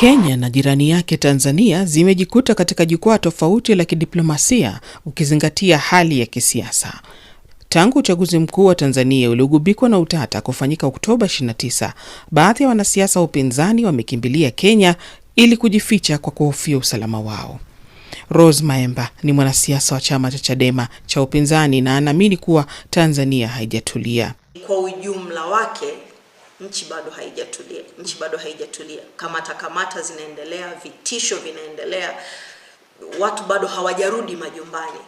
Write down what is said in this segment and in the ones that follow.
Kenya na jirani yake Tanzania zimejikuta katika jukwaa tofauti la kidiplomasia ukizingatia hali ya kisiasa. Tangu uchaguzi mkuu wa Tanzania uliogubikwa na utata kufanyika Oktoba 29, baadhi ya wanasiasa wa upinzani wamekimbilia Kenya ili kujificha kwa kuhofia usalama wao. Rose Maemba ni mwanasiasa wa chama cha Chadema cha upinzani na anaamini kuwa Tanzania haijatulia kwa ujumla wake nchi bado haijatulia, nchi bado haijatulia. Kamata kamata zinaendelea, vitisho vinaendelea, watu bado hawajarudi majumbani.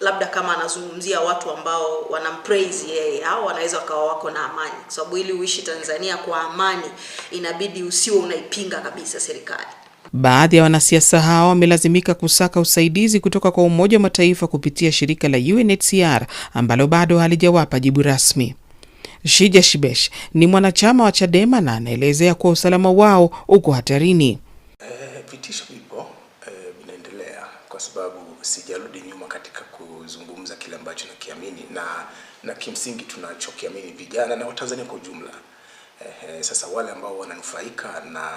Labda kama anazungumzia watu ambao wanampraise yeye, au wanaweza wakawa wako na amani, kwa sababu ili uishi Tanzania kwa amani inabidi usiwe unaipinga kabisa serikali. Baadhi ya wanasiasa hao wamelazimika kusaka usaidizi kutoka kwa Umoja wa Mataifa kupitia shirika la UNHCR ambalo bado halijawapa jibu rasmi. Shija Shibesh ni mwanachama wa Chadema na anaelezea kuwa usalama wao uko hatarini. Eh, vitisho eh, vipo eh, vinaendelea kwa sababu sijarudi nyuma katika kuzungumza kile ambacho nakiamini na, na kimsingi tunachokiamini vijana na Watanzania kwa ujumla. Eh, eh sasa wale ambao wananufaika na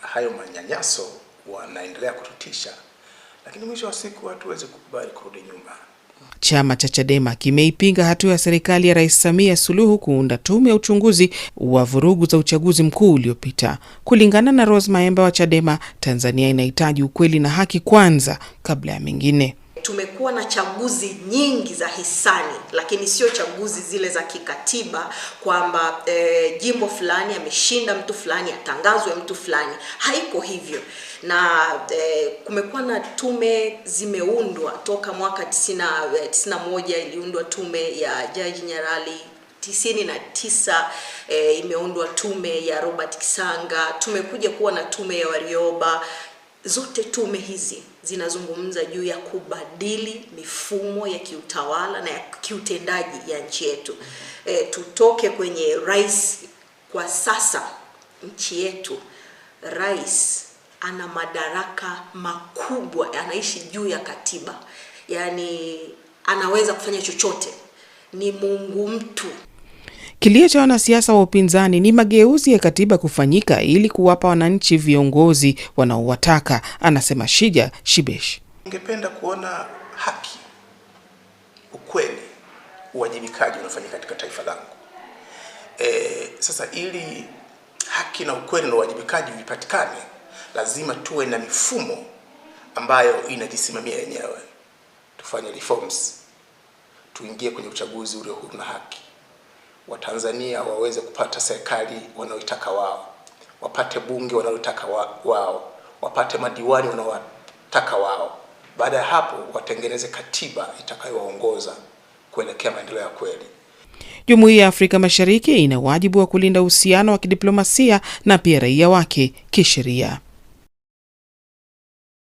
hayo manyanyaso wanaendelea kututisha, lakini mwisho wa siku hatuwezi kukubali kurudi nyuma. Chama cha Chadema kimeipinga hatua ya serikali ya Rais Samia Suluhu kuunda tume ya uchunguzi wa vurugu za uchaguzi mkuu uliopita. Kulingana na Rose Maemba wa Chadema, Tanzania inahitaji ukweli na haki kwanza kabla ya mengine tumekuwa na chaguzi nyingi za hisani, lakini sio chaguzi zile za kikatiba kwamba e, jimbo fulani ameshinda mtu fulani atangazwe mtu fulani. Haiko hivyo, na e, kumekuwa na tume zimeundwa toka mwaka 91 eh, iliundwa tume ya Jaji Nyalali tisini na tisa e, imeundwa tume ya Robert Kisanga. Tumekuja kuwa na tume ya Warioba zote tume hizi zinazungumza juu ya kubadili mifumo ya kiutawala na ya kiutendaji ya nchi yetu. E, tutoke kwenye rais. Kwa sasa nchi yetu rais ana madaraka makubwa, anaishi juu ya katiba, yaani anaweza kufanya chochote, ni Mungu mtu. Kilio cha wanasiasa wa upinzani ni mageuzi ya katiba kufanyika ili kuwapa wananchi viongozi wanaowataka, anasema Shija Shibesh. Ningependa kuona haki, ukweli, uwajibikaji unafanyika katika taifa langu. E, sasa ili haki na ukweli na uwajibikaji vipatikane, lazima tuwe na mifumo ambayo inajisimamia yenyewe. Tufanye reforms, tuingie kwenye uchaguzi ulio huru na haki. Watanzania waweze kupata serikali wanaoitaka wao, wapate bunge wanaoitaka wao, wapate madiwani wanaowataka wao. Baada ya hapo, watengeneze katiba itakayowaongoza kuelekea maendeleo ya kweli. Jumuiya ya Afrika Mashariki ina wajibu wa kulinda uhusiano wa kidiplomasia na pia raia wake kisheria.